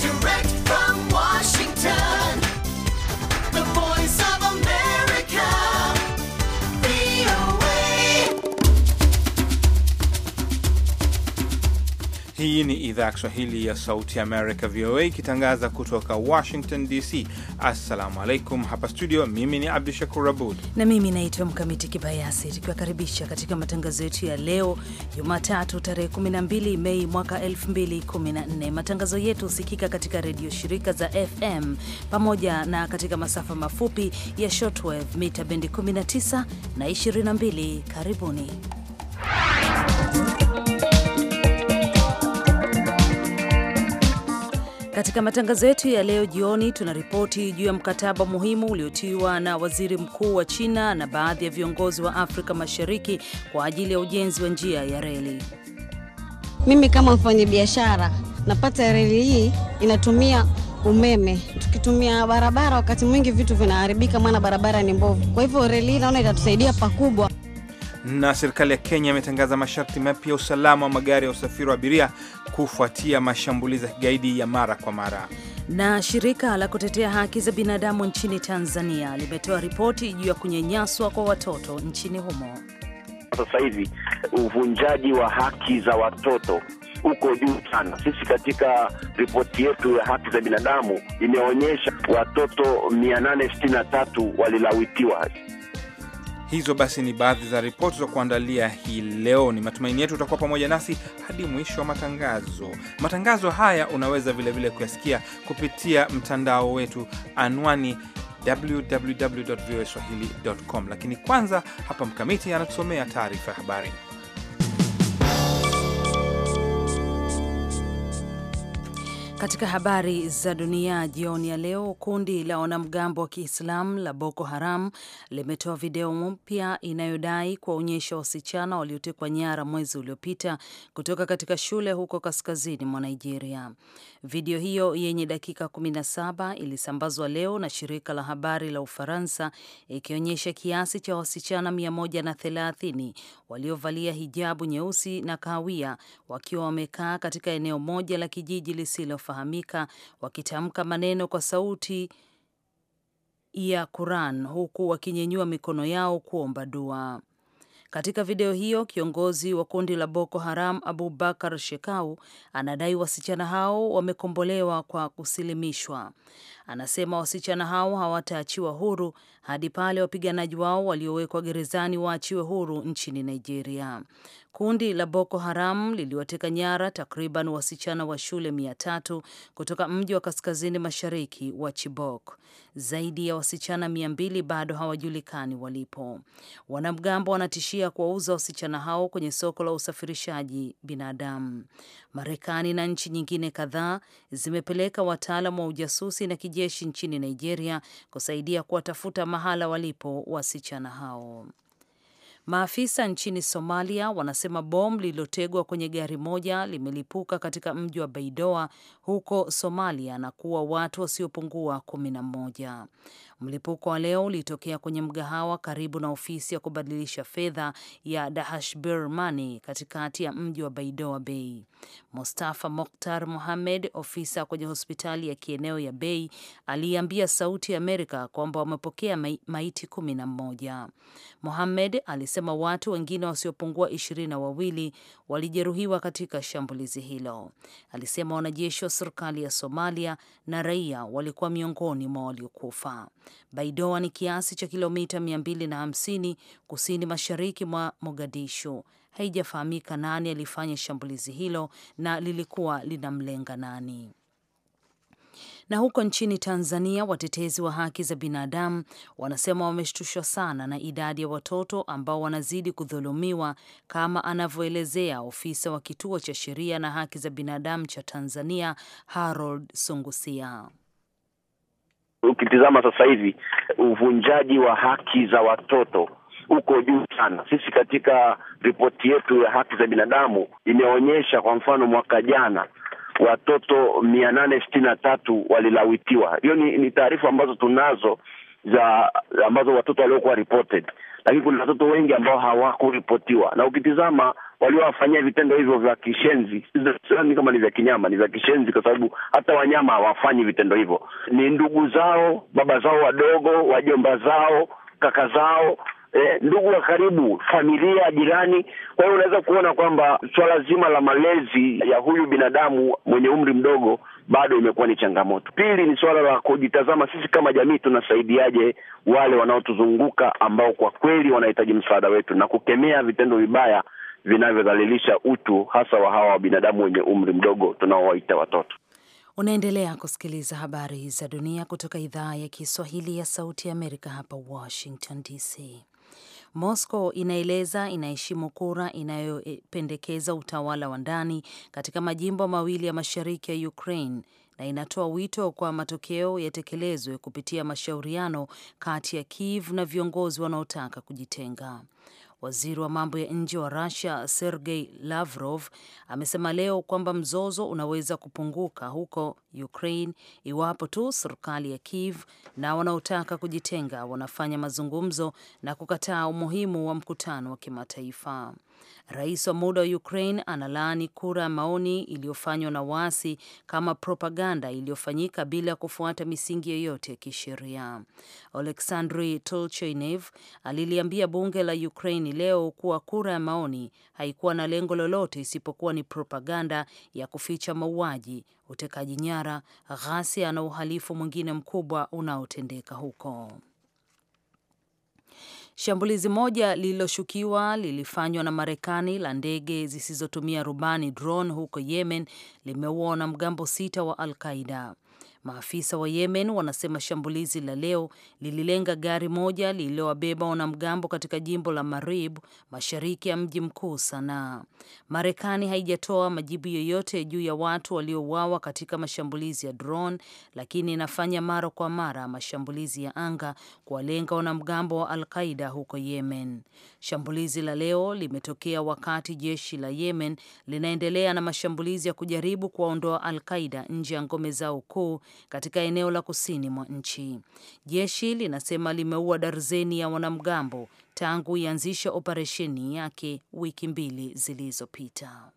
Direct from Hii ni idhaa ya Kiswahili ya Sauti Amerika, VOA, ikitangaza kutoka Washington DC. Assalamu alaikum. Hapa studio, mimi ni Abdu Shakur Abud na mimi naitwa Mkamiti Kibayasi, tukiwakaribisha katika matangazo yetu ya leo Jumatatu tarehe 12 Mei mwaka 2014. Matangazo yetu husikika katika redio shirika za FM pamoja na katika masafa mafupi ya shortwave mita bendi 19 na 22. Karibuni. Katika matangazo yetu ya leo jioni, tuna ripoti juu ya mkataba muhimu uliotiwa na waziri mkuu wa China na baadhi ya viongozi wa Afrika Mashariki kwa ajili ya ujenzi wa njia ya reli. Mimi kama mfanyabiashara napata reli hii inatumia umeme. Tukitumia barabara, wakati mwingi vitu vinaharibika, maana barabara ni mbovu. Kwa hivyo reli hii naona itatusaidia pakubwa. Na serikali ya Kenya imetangaza masharti mapya usalama wa magari ya usafiri wa abiria kufuatia mashambulizi ya kigaidi ya mara kwa mara. Na shirika la kutetea haki za binadamu nchini Tanzania limetoa ripoti juu ya kunyanyaswa kwa watoto nchini humo. Sasa hivi uvunjaji wa haki za watoto uko juu sana. Sisi katika ripoti yetu ya haki za binadamu imeonyesha watoto 863 walilawitiwa. Hizo basi ni baadhi za ripoti za kuandalia hii leo. Ni matumaini yetu utakuwa pamoja nasi hadi mwisho wa matangazo. Matangazo haya unaweza vilevile kuyasikia kupitia mtandao wetu, anwani www.voaswahili.com. Lakini kwanza hapa Mkamiti anatusomea taarifa ya habari. Katika habari za dunia jioni ya leo, kundi la wanamgambo wa Kiislamu la Boko Haram limetoa video mpya inayodai kuwaonyesha wasichana waliotekwa nyara mwezi uliopita kutoka katika shule huko kaskazini mwa Nigeria. Video hiyo yenye dakika 17 ilisambazwa leo na shirika la habari la Ufaransa ikionyesha kiasi cha wasichana 130 waliovalia hijabu nyeusi na kahawia wakiwa wamekaa katika eneo moja la kijiji lisilofahamika wakitamka maneno kwa sauti ya Quran huku wakinyenyua mikono yao kuomba dua. Katika video hiyo, kiongozi wa kundi la Boko Haram Abu Bakar Shekau anadai wasichana hao wamekombolewa kwa kusilimishwa anasema wasichana hao hawataachiwa huru hadi pale wapiganaji wao waliowekwa gerezani waachiwe huru nchini Nigeria. Kundi la Boko Haram liliwateka nyara takriban wasichana wa shule mia tatu kutoka mji wa kaskazini mashariki wa Chibok. Zaidi ya wasichana mia mbili bado hawajulikani walipo. Wanamgambo wanatishia kuwauza wasichana hao kwenye soko la usafirishaji binadamu. Marekani na nchi nyingine kadhaa zimepeleka wataalam wa ujasusi na kijeshi kijeshi nchini Nigeria kusaidia kuwatafuta mahala walipo wasichana hao. Maafisa nchini Somalia wanasema bomu lililotegwa kwenye gari moja limelipuka katika mji wa Baidoa huko Somalia na kuua watu wasiopungua kumi na mmoja. Mlipuko wa leo ulitokea kwenye mgahawa karibu na ofisi ya kubadilisha fedha ya Dahashbir Mani katikati ya mji wa Baidoa Bei. Mustafa Mokhtar Mohamed, ofisa kwenye hospitali ya kieneo ya Bei, aliambia Sauti ya Amerika kwamba wamepokea maiti kumi na mmoja. Mohamed alisema watu wengine wasiopungua ishirini na wawili walijeruhiwa katika shambulizi hilo. Alisema wanajeshi wa serikali ya Somalia na raia walikuwa miongoni mwa waliokufa. Baidoa ni kiasi cha kilomita 250 kusini mashariki mwa Mogadishu. Haijafahamika nani alifanya shambulizi hilo na lilikuwa linamlenga nani. Na huko nchini Tanzania, watetezi wa haki za binadamu wanasema wameshtushwa sana na idadi ya watoto ambao wanazidi kudhulumiwa, kama anavyoelezea ofisa wa kituo cha sheria na haki za binadamu cha Tanzania, Harold Sungusia ukitizama sasa hivi uvunjaji wa haki za watoto uko juu sana. Sisi katika ripoti yetu ya haki za binadamu imeonyesha kwa mfano mwaka jana watoto mia nane sitini na tatu walilawitiwa. Hiyo ni, ni taarifa ambazo tunazo za ambazo watoto waliokuwa reported, lakini kuna watoto wengi ambao hawakuripotiwa na ukitizama waliowafanyia vitendo hivyo vya kishenzi, sidhani kama ni vya kinyama, ni vya kishenzi, kwa sababu hata wanyama hawafanyi vitendo hivyo. Ni ndugu zao, baba zao wadogo, wajomba zao, kaka zao Eh, ndugu wa karibu, familia, jirani. Kwa hiyo unaweza kuona kwamba swala zima la malezi ya huyu binadamu mwenye umri mdogo bado imekuwa ni changamoto. Pili ni suala la kujitazama sisi kama jamii tunasaidiaje wale wanaotuzunguka ambao kwa kweli wanahitaji msaada wetu na kukemea vitendo vibaya vinavyodhalilisha utu hasa wa hawa binadamu wenye umri mdogo tunaowaita watoto. Unaendelea kusikiliza habari za dunia kutoka idhaa ya Kiswahili ya Sauti ya Amerika hapa Washington DC. Moscow inaeleza inaheshimu kura inayopendekeza utawala wa ndani katika majimbo mawili ya mashariki ya Ukraine na inatoa wito kwa matokeo yatekelezwe kupitia mashauriano kati ya Kiev na viongozi wanaotaka kujitenga. Waziri wa mambo ya nje wa Rusia Sergei Lavrov amesema leo kwamba mzozo unaweza kupunguka huko Ukraine iwapo tu serikali ya Kiev na wanaotaka kujitenga wanafanya mazungumzo na kukataa umuhimu wa mkutano wa kimataifa. Rais wa muda wa Ukraine analaani kura ya maoni iliyofanywa na waasi kama propaganda iliyofanyika bila kufuata misingi yoyote ya kisheria. Oleksandri Tolchenev aliliambia bunge la Ukraine leo kuwa kura ya maoni haikuwa na lengo lolote isipokuwa ni propaganda ya kuficha mauaji, utekaji nyara, ghasia na uhalifu mwingine mkubwa unaotendeka huko. Shambulizi moja lililoshukiwa lilifanywa na Marekani la ndege zisizotumia rubani drone huko Yemen limeua wanamgambo sita wa Al Qaida. Maafisa wa Yemen wanasema shambulizi la leo lililenga gari moja lililowabeba wanamgambo katika jimbo la Marib, mashariki ya mji mkuu Sanaa. Marekani haijatoa majibu yoyote juu ya watu waliouawa katika mashambulizi ya drone, lakini inafanya mara kwa mara mashambulizi ya anga kuwalenga wanamgambo wa Al Qaida huko Yemen. Shambulizi la leo limetokea wakati jeshi la Yemen linaendelea na mashambulizi ya kujaribu kuwaondoa Al Qaida nje ya ngome zao kuu katika eneo la kusini mwa nchi. Jeshi linasema limeua darzeni ya wanamgambo tangu ianzisha operesheni yake wiki mbili zilizopita.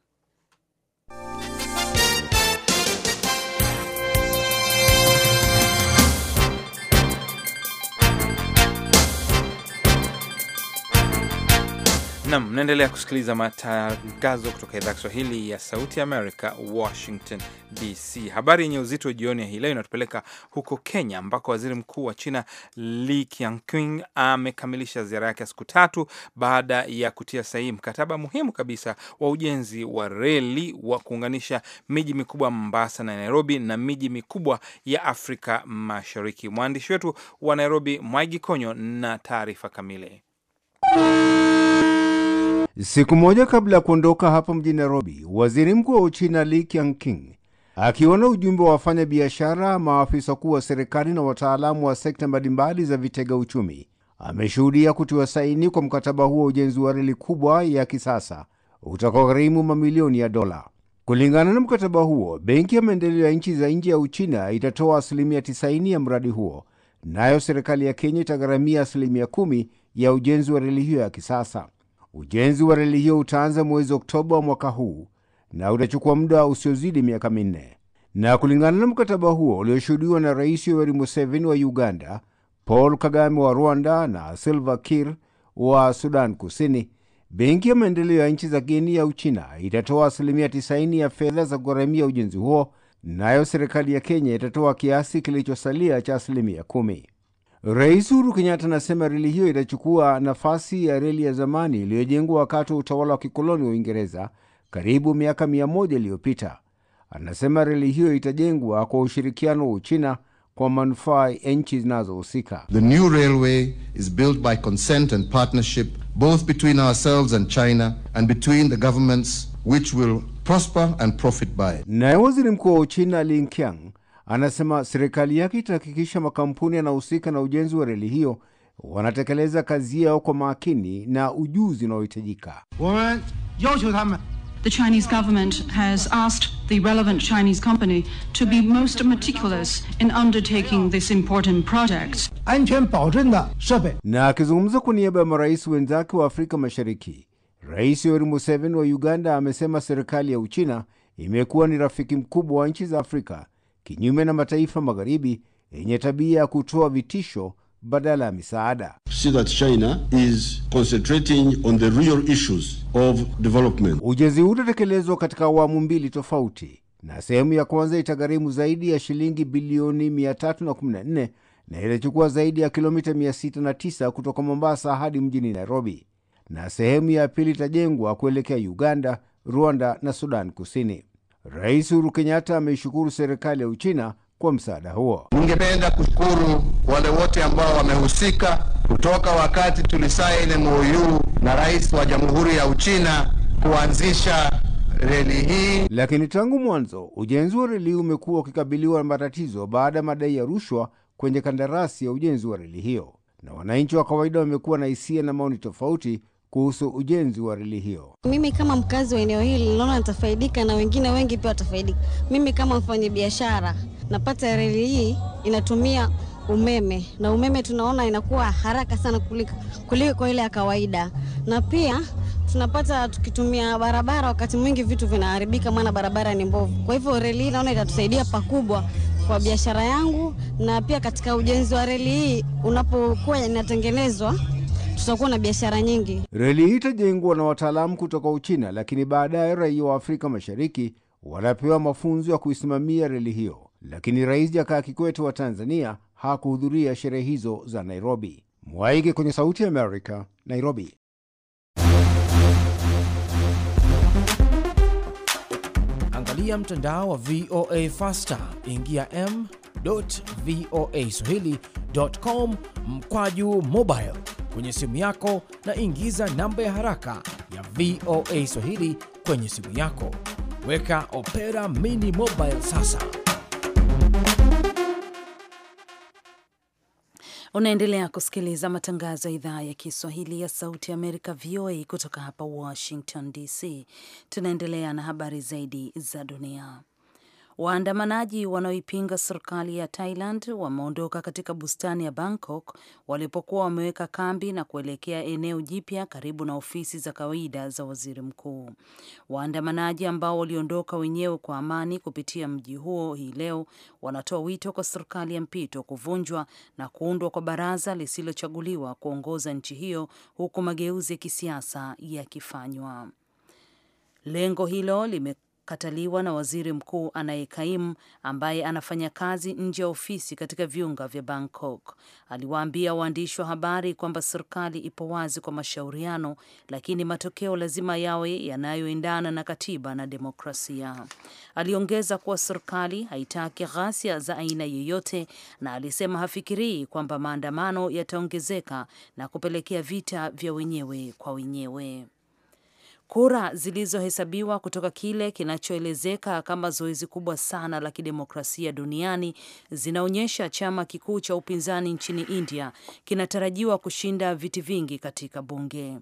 Nam, mnaendelea kusikiliza matangazo kutoka idhaa ya Kiswahili ya Sauti Amerika, Washington DC. Habari yenye uzito jioni ya hii leo inatupeleka huko Kenya, ambako waziri mkuu wa China Li Keqiang amekamilisha ziara yake ya siku tatu baada ya kutia sahihi mkataba muhimu kabisa wa ujenzi wa reli wa kuunganisha miji mikubwa Mombasa na Nairobi na miji mikubwa ya Afrika Mashariki. Mwandishi wetu wa Nairobi, Mwangi Konyo, na taarifa kamili Siku moja kabla ya kuondoka hapa mjini Nairobi, waziri mkuu wa Uchina Li Keqiang akiona ujumbe wa wafanya biashara, maafisa kuu wa serikali na wataalamu wa sekta mbalimbali za vitega uchumi ameshuhudia kutiwa saini kwa mkataba huo wa ujenzi wa reli kubwa ya kisasa utakaogharimu mamilioni ya dola. Kulingana na mkataba huo, benki ya maendeleo ya nchi za nje ya Uchina itatoa asilimia 90 ya mradi huo, nayo serikali ya Kenya itagharamia asilimia kumi ya ujenzi wa reli hiyo ya kisasa. Ujenzi wa reli hiyo utaanza mwezi Oktoba mwaka huu na utachukua muda usiozidi miaka minne. Na kulingana na mkataba huo ulioshuhudiwa na Rais Yoweri Museveni wa Uganda, Paul Kagame wa Rwanda na Salva Kiir wa Sudan Kusini, Benki ya Maendeleo ya Nchi za Kigeni ya Uchina itatoa asilimia 90 ya fedha za kugharamia ujenzi huo, nayo serikali ya Kenya itatoa kiasi kilichosalia cha asilimia kumi. Rais Uhuru Kenyatta anasema reli hiyo itachukua nafasi ya reli ya zamani iliyojengwa wakati wa utawala wa kikoloni wa Uingereza karibu miaka mia moja iliyopita. Anasema reli hiyo itajengwa kwa ushirikiano wa Uchina kwa manufaa ya nchi zinazohusika. The new railway is built by consent and partnership both between ourselves and China and between the governments which will prosper and profit by it. Naye waziri mkuu wa Uchina Li Keqiang Anasema serikali yake itahakikisha makampuni yanahusika na ujenzi wa reli hiyo wanatekeleza kazi yao kwa makini na ujuzi unaohitajika. The Chinese government has asked the relevant Chinese company to be most meticulous in undertaking this important project. Na akizungumza kwa niaba ya marais wenzake wa Afrika Mashariki, Rais Yoweri Museveni wa Uganda amesema serikali ya Uchina imekuwa ni rafiki mkubwa wa nchi za Afrika kinyume na mataifa magharibi yenye tabia ya kutoa vitisho badala ya misaada. Ujenzi huu utatekelezwa katika awamu mbili tofauti, na sehemu ya kwanza itagharimu zaidi ya shilingi bilioni 314 na itachukua zaidi ya kilomita 609 kutoka Mombasa hadi mjini Nairobi, na sehemu ya pili itajengwa kuelekea Uganda, Rwanda na Sudan Kusini. Rais Uhuru Kenyatta ameishukuru serikali ya Uchina kwa msaada huo. Ningependa kushukuru wale wote ambao wamehusika kutoka wakati tulisaini MOU na rais wa Jamhuri ya Uchina kuanzisha reli hii. Lakini tangu mwanzo ujenzi wa reli umekuwa ukikabiliwa na matatizo baada ya madai ya rushwa kwenye kandarasi ya ujenzi wa reli hiyo, na wananchi wa kawaida wamekuwa na hisia na maoni tofauti kuhusu ujenzi wa reli hiyo. Mimi kama mkazi wa eneo hili naona nitafaidika na wengine wengi pia watafaidika. Mimi kama mfanyabiashara napata reli hii inatumia umeme na umeme tunaona inakuwa haraka sana kuliko ile ya kawaida, na pia tunapata tukitumia barabara, wakati mwingi vitu vinaharibika, maana barabara ni mbovu. Kwa hivyo reli hii naona itatusaidia pakubwa kwa biashara yangu, na pia katika ujenzi wa reli hii unapokuwa inatengenezwa tutakuwa na biashara nyingi. Reli hii itajengwa na wataalamu kutoka Uchina, lakini baadaye raia wa Afrika Mashariki wanapewa mafunzo ya kuisimamia reli hiyo. Lakini Rais Jakaya Kikwete wa Tanzania hakuhudhuria sherehe hizo za Nairobi. Mwaige kwenye Sauti ya Amerika, Nairobi. Angalia mtandao wa VOA Faster, ingia m voa swahili.com mkwaju mobile kwenye simu yako na ingiza namba ya haraka ya VOA Swahili kwenye simu yako. Weka Opera Mini Mobile sasa. Unaendelea kusikiliza matangazo ya idhaa ya Kiswahili ya Sauti ya Amerika, VOA, kutoka hapa Washington DC. Tunaendelea na habari zaidi za dunia. Waandamanaji wanaoipinga serikali ya Thailand wameondoka katika bustani ya Bangkok walipokuwa wameweka kambi na kuelekea eneo jipya karibu na ofisi za kawaida za waziri mkuu. Waandamanaji ambao waliondoka wenyewe kwa amani kupitia mji huo hii leo wanatoa wito kwa serikali ya mpito kuvunjwa na kuundwa kwa baraza lisilochaguliwa kuongoza nchi hiyo huku mageuzi ya kisiasa yakifanywa. Lengo hilo lime kataliwa na waziri mkuu anayekaimu ambaye anafanya kazi nje ya ofisi katika viunga vya Bangkok. Aliwaambia waandishi wa habari kwamba serikali ipo wazi kwa mashauriano, lakini matokeo lazima yawe yanayoendana na katiba na demokrasia. Aliongeza kuwa serikali haitaki ghasia za aina yeyote, na alisema hafikirii kwamba maandamano yataongezeka na kupelekea vita vya wenyewe kwa wenyewe kura zilizohesabiwa kutoka kile kinachoelezeka kama zoezi kubwa sana la kidemokrasia duniani zinaonyesha chama kikuu cha upinzani nchini India kinatarajiwa kushinda viti vingi katika bunge.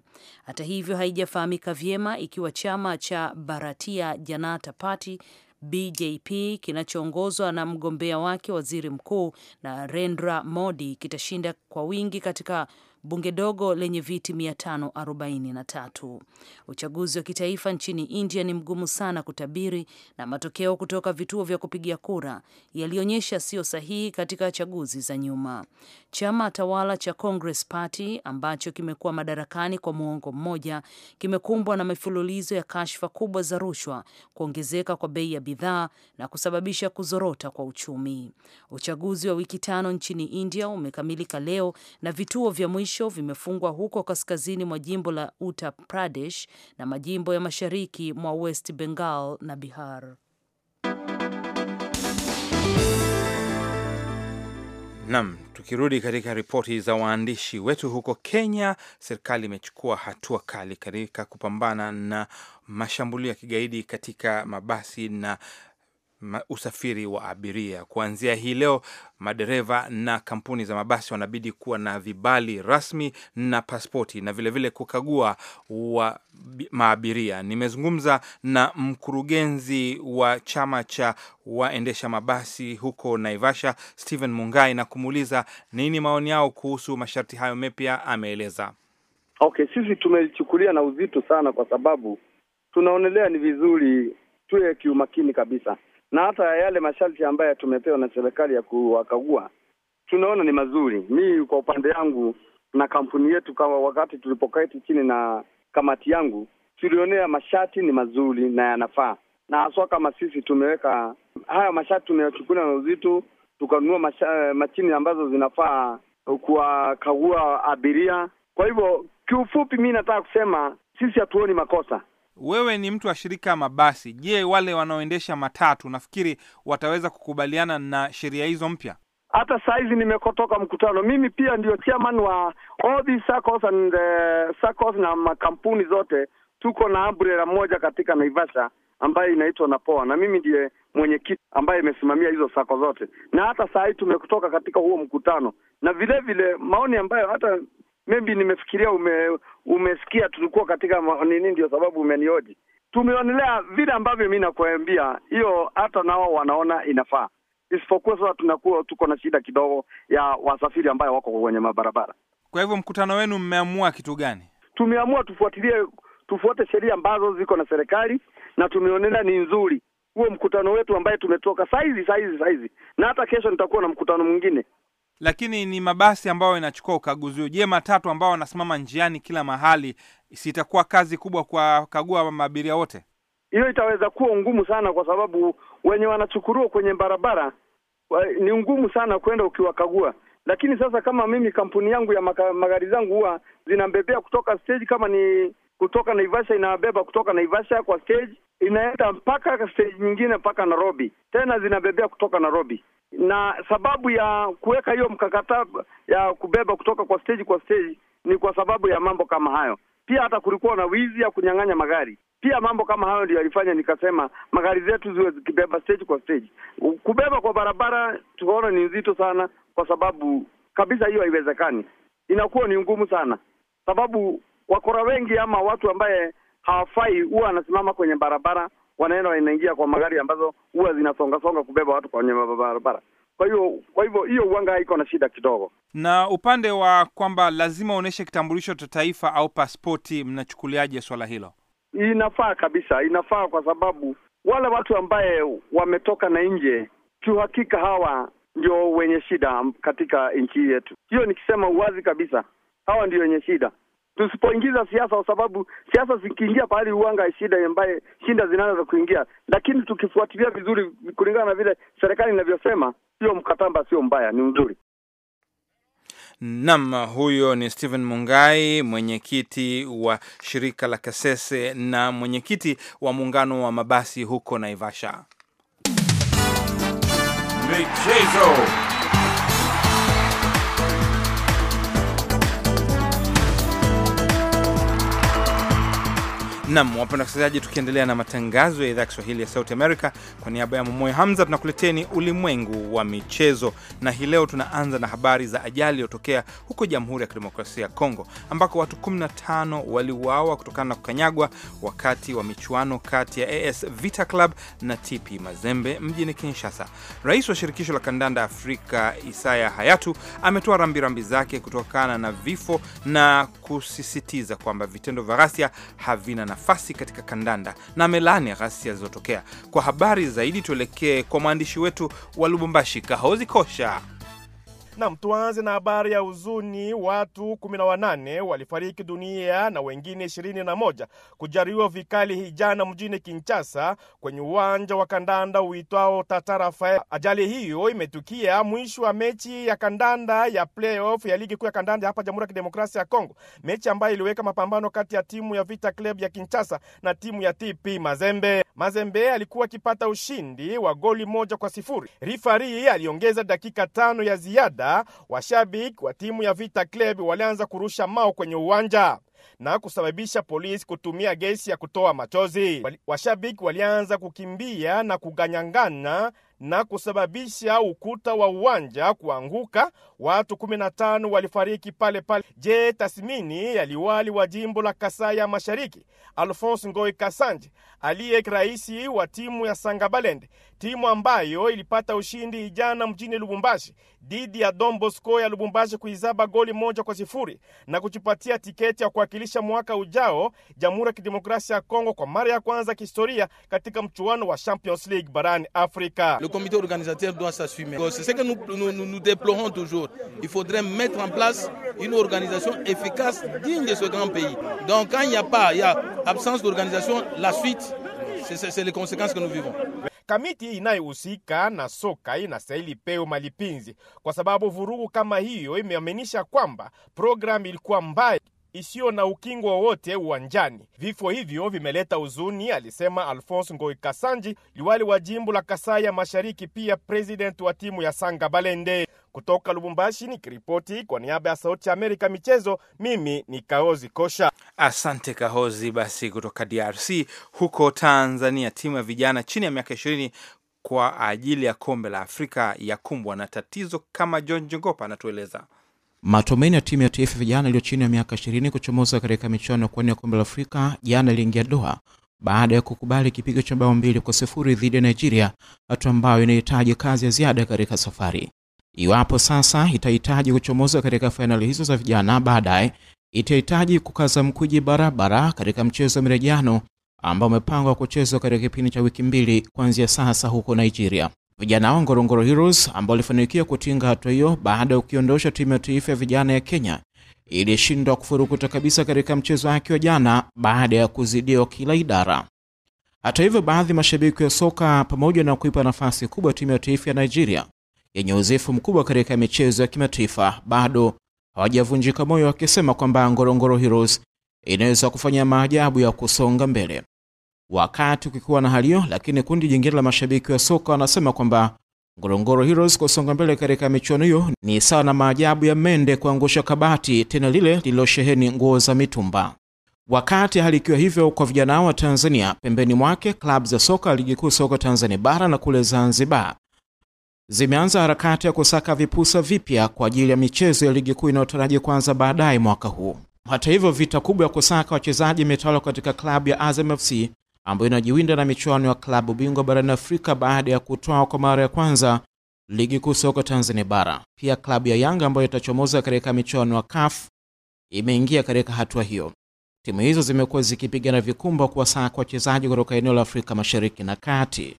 Hata hivyo, haijafahamika vyema ikiwa chama cha Bharatiya Janata Party BJP kinachoongozwa na mgombea wake waziri mkuu Narendra Modi kitashinda kwa wingi katika bunge dogo lenye viti 543. Uchaguzi wa kitaifa nchini India ni mgumu sana kutabiri, na matokeo kutoka vituo vya kupigia kura yalionyesha sio sahihi katika chaguzi za nyuma. Chama tawala cha Congress Party ambacho kimekuwa madarakani kwa muongo mmoja kimekumbwa na mifululizo ya kashfa kubwa za rushwa, kuongezeka kwa bei ya bidhaa na kusababisha kuzorota kwa uchumi. Uchaguzi wa wiki tano nchini India umekamilika leo na vituo vya mwisho mwisho vimefungwa huko kaskazini mwa jimbo la Uttar Pradesh na majimbo ya mashariki mwa West Bengal na Bihar. Nam, tukirudi katika ripoti za waandishi wetu huko Kenya, serikali imechukua hatua kali katika kupambana na mashambulio ya kigaidi katika mabasi na usafiri wa abiria. Kuanzia hii leo, madereva na kampuni za mabasi wanabidi kuwa na vibali rasmi na paspoti na vilevile vile kukagua wa maabiria. Nimezungumza na mkurugenzi wa chama cha waendesha mabasi huko Naivasha, Stephen Mungai, na kumuuliza nini maoni yao kuhusu masharti hayo mepya Ameeleza. Okay, sisi tumelichukulia na uzito sana, kwa sababu tunaonelea ni vizuri tuwe kiumakini kabisa na hata yale masharti ambayo tumepewa na serikali ya kuwakagua tunaona ni mazuri. Mi kwa upande yangu na kampuni yetu, kama wakati tulipoketi chini na kamati yangu, tulionea masharti ni mazuri na yanafaa, na haswa kama sisi tumeweka haya masharti, tumeyachukulia na uzito, tukanunua mashini ambazo zinafaa kuwakagua abiria. Kwa hivyo kiufupi, mi nataka kusema sisi hatuoni makosa wewe ni mtu wa shirika ya mabasi, je, wale wanaoendesha matatu nafikiri wataweza kukubaliana na sheria hizo mpya? Hata sahizi nimekotoka mkutano, mimi pia ndio chairman wa all these and uh, na makampuni zote, tuko na umbrella moja katika Naivasha ambayo inaitwa Napoa, na mimi ndiye mwenyekiti ambaye imesimamia hizo sako zote, na hata saa hii tumekutoka katika huo mkutano, na vile vile maoni ambayo hata maybe nimefikiria ume, umesikia tulikuwa katika nini, ndio sababu umenioji. Tumeonelea vile ambavyo mi nakuambia, hiyo hata nao wanaona inafaa, isipokuwa sasa tunakuwa tuko na shida kidogo ya wasafiri ambayo wako kwenye mabarabara. Kwa hivyo mkutano wenu mmeamua kitu gani? Tumeamua tufuatilie, tufuate sheria ambazo ziko na serikali na tumeonelea ni nzuri huo mkutano wetu ambaye tumetoka saizi saizi saizi, na hata kesho nitakuwa na mkutano mwingine lakini ni mabasi ambayo inachukua ukaguzi. Je, matatu ambao wanasimama njiani kila mahali, sitakuwa kazi kubwa kuwakagua maabiria wote? Hiyo itaweza kuwa ngumu sana, kwa sababu wenye wanachukuliwa kwenye barabara ni ngumu sana kwenda ukiwakagua. Lakini sasa kama mimi kampuni yangu ya magari zangu huwa zinambebea kutoka stage, kama ni kutoka Naivasha, inabeba kutoka Naivasha kwa stage, inaenda mpaka stage nyingine mpaka Nairobi, tena zinabebea kutoka Nairobi. Na sababu ya kuweka hiyo mkakata ya kubeba kutoka kwa stage kwa stage ni kwa sababu ya mambo kama hayo. Pia hata kulikuwa na wizi ya kunyang'anya magari pia mambo kama hayo ndio yalifanya nikasema magari zetu ziwe zikibeba stage kwa stage. Kubeba kwa barabara tukaona ni nzito sana, kwa sababu kabisa hiyo haiwezekani, inakuwa ni ngumu sana, sababu wakora wengi ama watu ambaye hawafai huwa anasimama kwenye barabara, wanaenda wanaingia kwa magari ambazo huwa zinasongasonga kubeba watu kwenye barabara. Kwa hiyo kwa hivyo hiyo uwanga iko na shida kidogo. Na upande wa kwamba lazima uonyeshe kitambulisho cha taifa au pasipoti, mnachukuliaje swala hilo? Inafaa kabisa, inafaa kwa sababu wale watu ambaye wametoka na nje, kiuhakika hawa ndio wenye shida katika nchi yetu. Hiyo nikisema uwazi kabisa, hawa ndio wenye shida tusipoingiza siasa, kwa sababu siasa zikiingia pahali huanga shida ambaye shida zinaanza kuingia, lakini tukifuatilia vizuri kulingana na vile serikali inavyosema, hiyo mkataba, sio mbaya, ni mzuri. Nam, huyo ni Stephen Mungai, mwenyekiti wa shirika la Kasese na mwenyekiti wa muungano wa mabasi huko Naivasha. Michezo. Nam wapenda wasikilizaji, tukiendelea na matangazo ya idhaa ya Kiswahili ya Sauti Amerika, kwa niaba ya Momoyo Hamza tunakuleteni ulimwengu wa michezo, na hii leo tunaanza na habari za ajali iliyotokea huko Jamhuri ya Kidemokrasia ya Kongo ambako watu 15 waliuawa kutokana na kukanyagwa wakati wa michuano kati ya AS Vita Club na TP Mazembe mjini Kinshasa. Rais wa shirikisho la kandanda Afrika Isaya Hayatu ametoa rambirambi zake kutokana na vifo na kusisitiza kwamba vitendo vya ghasia havina nafasi katika kandanda na amelaani ghasia zilizotokea. Kwa habari zaidi tuelekee kwa mwandishi wetu wa Lubumbashi, Kahozi Kosha. Nam, tuanze na habari ya huzuni. Watu kumi na wanane walifariki dunia na wengine ishirini na moja vikali hijana mjini Kinshasa kwenye uwanja wa kandanda uitwao Tata Rafael. Ajali hiyo imetukia mwisho wa mechi ya kandanda ya playoff ya ligi kuu ya kandanda hapa Jamhuri ya Kidemokrasia ya Kongo, mechi ambayo iliweka mapambano kati ya timu ya Vita Club ya Kinshasa na timu ya TP Mazembe. Mazembe alikuwa akipata ushindi wa goli moja kwa sifuri. Rifari aliongeza dakika tano ya ziada baada washabiki wa timu ya Vita Club walianza kurusha mao kwenye uwanja na kusababisha polisi kutumia gesi ya kutoa machozi. Washabiki walianza kukimbia na kuganyangana na kusababisha ukuta wa uwanja kuanguka. Watu 15 walifariki pale pale. Je, tathmini ya liwali wa jimbo la kasaya Mashariki Alphonse Ngoi Kasanje, aliye rais wa timu ya Sangabalende, timu ambayo ilipata ushindi ijana mjini Lubumbashi, dhidi ya Don Bosco ya Lubumbashi kuizaba goli moja kwa sifuri na kujipatia tiketi ya kuwakilisha mwaka ujao Jamhuri ya Kidemokrasia ya Kongo kwa mara ya kwanza kihistoria katika mchuano wa Champions League barani Afrika. Le comité organisateur doit s'assumer. C'est ce que nous, nous, nous déplorons toujours. Il faudrait mettre en place une organisation efficace digne de ce grand pays. Donc quand il n'y a pas, il y a absence d'organisation, la suite, c'est les conséquences que nous vivons kamiti inayohusika na soka inastahili peo malipinzi, kwa sababu vurugu kama hiyo imeaminisha kwamba programu ilikuwa mbaya isiyo na ukingo wowote uwanjani. Vifo hivyo vimeleta huzuni, alisema Alphonse Ngoi Kasanji, liwali wa jimbo la Kasai ya Mashariki, pia president wa timu ya Sanga Balende. Kutoka Lubumbashi ni kiripoti kwa niaba ya Sauti ya Amerika michezo, mimi ni Kaozi Kosha. Asante Kahozi. Basi kutoka DRC huko Tanzania, timu ya vijana chini ya miaka ishirini kwa ajili ya kombe la Afrika ya kumbwa na tatizo kama. John Jongopa anatueleza matumaini ya timu ya taifa vijana iliyo chini ya miaka ishirini kuchomoza katika michuano ya kuwania kombe la Afrika jana iliingia Doha baada ya kukubali kipigo cha bao mbili kwa sifuri dhidi ya Nigeria, hatua ambayo inahitaji kazi ya ziada katika safari. Iwapo sasa itahitaji kuchomoza katika fainali hizo za vijana baadaye, itahitaji kukaza mkuji barabara katika mchezo wa mirejano ambao umepangwa kuchezwa katika kipindi cha wiki mbili kuanzia sasa huko Nigeria. Vijana wa Ngorongoro Heroes ambao walifanikiwa kutinga hatua hiyo baada ya kukiondosha timu ya taifa ya vijana ya Kenya ilishindwa kufurukuta kabisa katika mchezo wake wa jana baada ya kuzidiwa kila idara. Hata hivyo, baadhi ya mashabiki wa soka pamoja na kuipa nafasi kubwa timu ya taifa ya Nigeria yenye uzefu mkubwa katika michezo ya kimataifa bado hawajavunjika moyo wakisema kwamba Ngorongoro Heroes inaweza kufanya maajabu ya kusonga mbele. Wakati ukikuwa na hali hiyo, lakini kundi jingine la mashabiki wa soka wanasema kwamba Ngorongoro Heroes kusonga mbele katika michuano hiyo ni sawa na maajabu ya mende kuangusha kabati, tena lile lililosheheni nguo za mitumba. Wakati hali ikiwa hivyo kwa vijana hao wa Tanzania, pembeni mwake klabu za soka ligi kuu soka Tanzania bara na kule Zanzibar zimeanza harakati ya kusaka vipusa vipya kwa ajili ya michezo ya ligi kuu inayotaraji kuanza baadaye mwaka huu. Hata hivyo, vita kubwa ya kusaka wachezaji imetawala katika klabu ya Azam FC ambayo inajiwinda na michuano ya klabu bingwa barani Afrika baada ya kutoa kwa mara ya kwanza ligi kuu soko Tanzania bara. Pia klabu ya Yanga ambayo itachomoza katika michuano ya kaf imeingia katika hatua hiyo. Timu hizo zimekuwa zikipigana vikumba kuwasaka wachezaji kutoka eneo la Afrika Mashariki na Kati.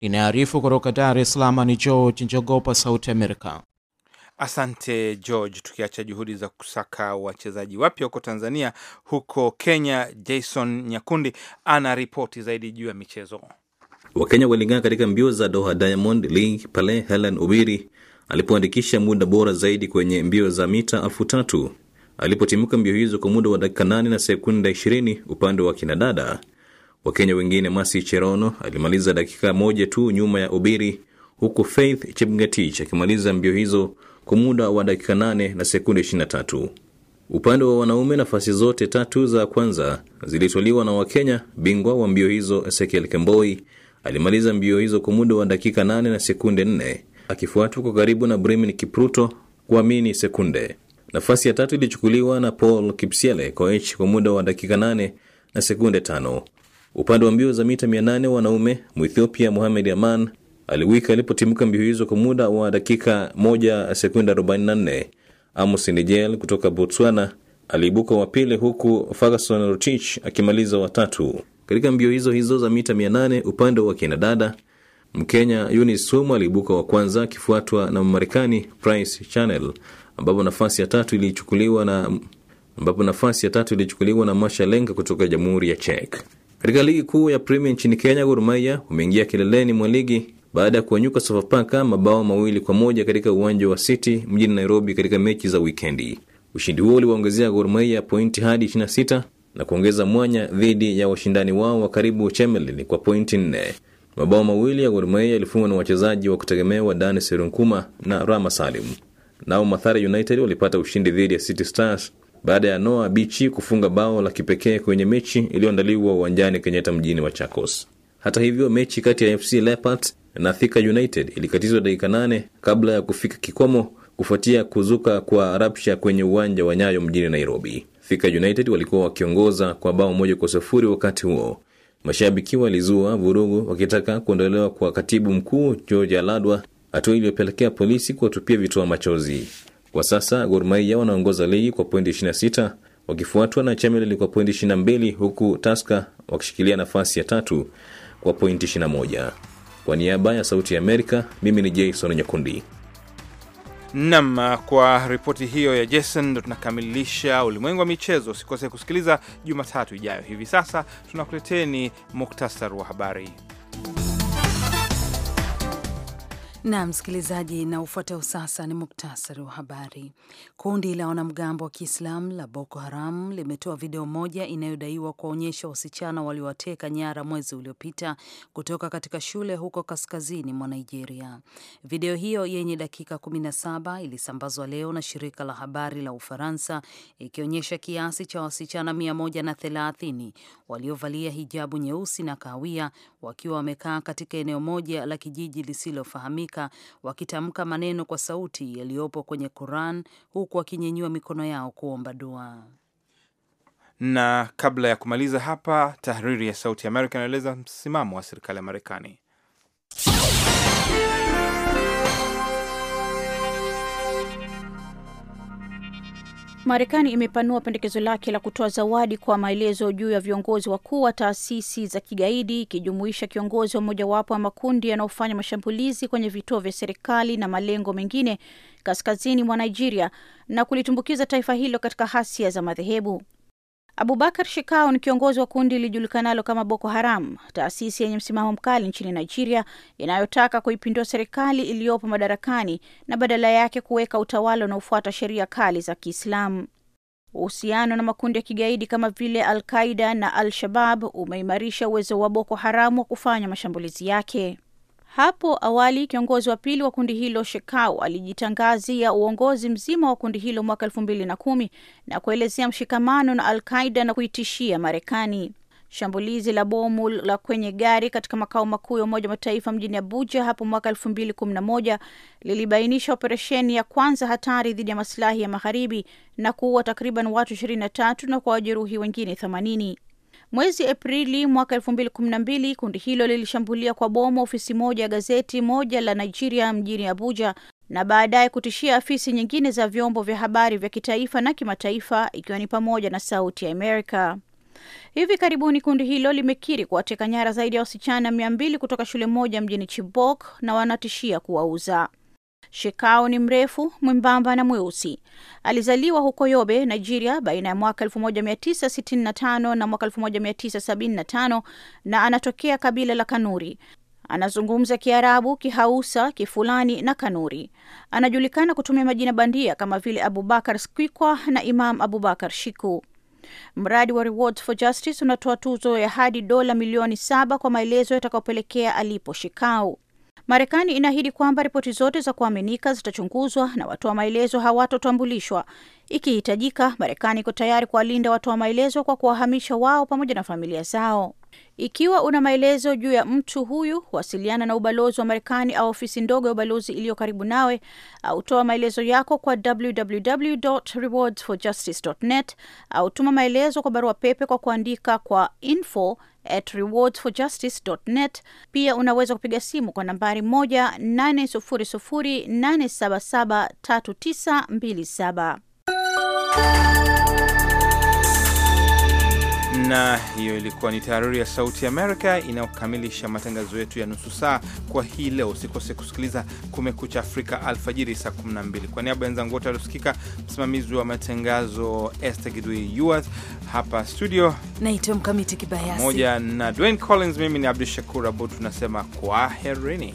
Inaarifu kutoka Dar es Salaam ni George Njogopa, Sauti Amerika. Asante George. Tukiacha juhudi za kusaka wachezaji wapya huko Tanzania, huko Kenya Jason Nyakundi ana ripoti zaidi juu ya michezo. Wakenya waling'aa katika mbio za Doha Diamond League pale Helen ubiri alipoandikisha muda bora zaidi kwenye mbio za mita elfu tatu alipotimuka mbio hizo kwa muda wa dakika 8 na sekunde 20 upande wa kinadada Wakenya wengine Masi Cherono alimaliza dakika moja tu nyuma ya Obiri, huku Faith Chepngetich akimaliza mbio hizo kwa muda wa dakika 8 na sekunde 23. Upande wa wanaume, nafasi zote tatu za kwanza zilitoliwa na Wakenya. Bingwa wa mbio hizo Ezekiel Kemboi alimaliza mbio hizo kwa muda wa dakika 8 na sekunde 4, akifuatwa kwa karibu na Brimin Kipruto kuamini sekunde. Nafasi ya tatu ilichukuliwa na Paul Kipsiele Koech kwa muda wa dakika 8 na sekunde tano. Upande wa mbio za mita 800 wanaume, Mwethiopia Mohamed Aman aliwika alipotimka mbio hizo kwa muda wa dakika 1 sekunde 44. Amos Nigel kutoka Botswana aliibuka wa pili, huku Ferguson Rotich akimaliza watatu. Katika mbio hizo hizo za mita 800 upande wa kinadada, Mkenya Eunice sum aliibuka wa kwanza akifuatwa na marekani Price Channel, ambapo nafasi ya tatu ilichukuliwa na ambapo nafasi ya tatu ilichukuliwa na Masha Lenga kutoka Jamhuri ya Czech. Katika ligi kuu ya Premier nchini Kenya, Gor Mahia umeingia kileleni mwa ligi baada ya kuwanyuka Sofapaka mabao mawili kwa moja katika uwanja wa City mjini Nairobi katika mechi za wikendi. Ushindi huo uliwaongezea Gor Mahia pointi hadi 26 na kuongeza mwanya dhidi ya washindani wao wa karibu chemelini kwa pointi nne. Mabao mawili ya Gor Mahia yalifungwa na wachezaji wa kutegemewa Dani Serunkuma na Rama Salim. Nao Mathare United walipata ushindi dhidi ya City Stars baada ya noa Bichi kufunga bao la kipekee kwenye mechi iliyoandaliwa uwanjani kenyata mjini wa chacos Hata hivyo, mechi kati ya FC lepart na Thika United ilikatizwa dakika nane kabla ya kufika kikomo kufuatia kuzuka kwa rapsha kwenye uwanja wa Nyayo mjini Nairobi. Thika United walikuwa wakiongoza kwa bao moja kwa sufuri wakati huo mashabiki walizua vurugu wakitaka kuondolewa kwa katibu mkuu George Aladwa, hatua iliyopelekea polisi kuwatupia vitoa machozi. Kwa sasa Gor Mahia wanaongoza ligi kwa pointi 26 wakifuatwa na Chemelil kwa pointi 22 huku Taska wakishikilia nafasi ya tatu kwa pointi 21. Kwa niaba ya Sauti ya Amerika, mimi ni Jason Nyakundi. Nam, kwa ripoti hiyo ya Jason ndo tunakamilisha ulimwengu wa michezo. Usikose kusikiliza Jumatatu ijayo. Hivi sasa tunakuleteni muktasar wa habari. Na msikilizaji, na ufuatao sasa ni muktasari wa habari. Kundi la wanamgambo wa Kiislamu la Boko Haram limetoa video moja inayodaiwa kuwaonyesha wasichana waliowateka nyara mwezi uliopita kutoka katika shule huko kaskazini mwa Nigeria. Video hiyo yenye dakika 17 ilisambazwa leo na shirika la habari la Ufaransa, ikionyesha kiasi cha wasichana 130 waliovalia hijabu nyeusi na kahawia wakiwa wamekaa katika eneo moja la kijiji lisilofahamika Amerika wakitamka maneno kwa sauti yaliyopo kwenye Quran huku wakinyenyua mikono yao kuomba dua. Na kabla ya kumaliza hapa, tahariri ya Sauti ya Amerika inaeleza msimamo wa serikali ya Marekani. Marekani imepanua pendekezo lake la kutoa zawadi kwa maelezo juu ya viongozi wakuu wa taasisi za kigaidi ikijumuisha kiongozi wa mojawapo ya makundi yanayofanya mashambulizi kwenye vituo vya serikali na malengo mengine kaskazini mwa Nigeria na kulitumbukiza taifa hilo katika hasia za madhehebu. Abubakar Shekau ni kiongozi wa kundi lilijulikanalo kama Boko Haram, taasisi yenye msimamo mkali nchini Nigeria inayotaka kuipindua serikali iliyopo madarakani na badala yake kuweka utawala unaofuata sheria kali za Kiislamu. Uhusiano na makundi ya kigaidi kama vile Al Qaida na Al Shabab umeimarisha uwezo wa Boko Haram wa kufanya mashambulizi yake. Hapo awali kiongozi wa pili wa kundi hilo Shekau alijitangazia uongozi mzima wa kundi hilo mwaka elfu mbili na kumi na kuelezea mshikamano na Al Qaida na kuitishia Marekani. Shambulizi la bomu la kwenye gari katika makao makuu ya Umoja wa Mataifa mjini Abuja hapo mwaka elfu mbili kumi na moja lilibainisha operesheni ya kwanza hatari dhidi ya masilahi ya Magharibi na kuua takriban watu ishirini na tatu na kwa wajeruhi wengine themanini. Mwezi Aprili mwaka elfu mbili kumi na mbili kundi hilo lilishambulia kwa bomu ofisi moja ya gazeti moja la Nigeria mjini Abuja na baadaye kutishia afisi nyingine za vyombo vya habari vya kitaifa na kimataifa ikiwa ni pamoja na Sauti ya Amerika. Hivi karibuni kundi hilo limekiri kuwateka nyara zaidi ya wasichana mia mbili kutoka shule moja mjini Chibok na wanatishia kuwauza. Shekau ni mrefu, mwembamba na mweusi. Alizaliwa huko Yobe, Nigeria, baina ya mwaka 1965 na mwaka 1975 na anatokea kabila la Kanuri. Anazungumza Kiarabu, Kihausa, Kifulani na Kanuri. Anajulikana kutumia majina bandia kama vile Abubakar skwikwa na Imam Abubakar Shiku. Mradi wa Rewards for Justice unatoa tuzo ya hadi dola milioni saba kwa maelezo yatakayopelekea alipo Shekau. Marekani inaahidi kwamba ripoti zote za kuaminika zitachunguzwa na watoa maelezo hawatotambulishwa. Ikihitajika, Marekani iko tayari kuwalinda watoa maelezo kwa kuwahamisha wao pamoja na familia zao. Ikiwa una maelezo juu ya mtu huyu, wasiliana na ubalozi wa Marekani au ofisi ndogo ya ubalozi iliyo karibu nawe, au toa maelezo yako kwa www.rewardsforjustice.net au tuma maelezo kwa barua pepe kwa kuandika kwa info at rewardsforjustice.net. Pia unaweza kupiga simu kwa nambari 1 7 877 3927 na hiyo ilikuwa ni tahariri ya Sauti Amerika inayokamilisha matangazo yetu ya nusu saa kwa hii leo. Usikose kusikiliza Kumekucha Afrika alfajiri saa 12. Kwa niaba ya wenzangu wote waliosikika, msimamizi wa matangazo Esther Gidui Yuat hapa studio, naitwa Mkamiti Kibayasi pamoja na Dwayne Collins, mimi ni Abdu Shakur Abud, tunasema herini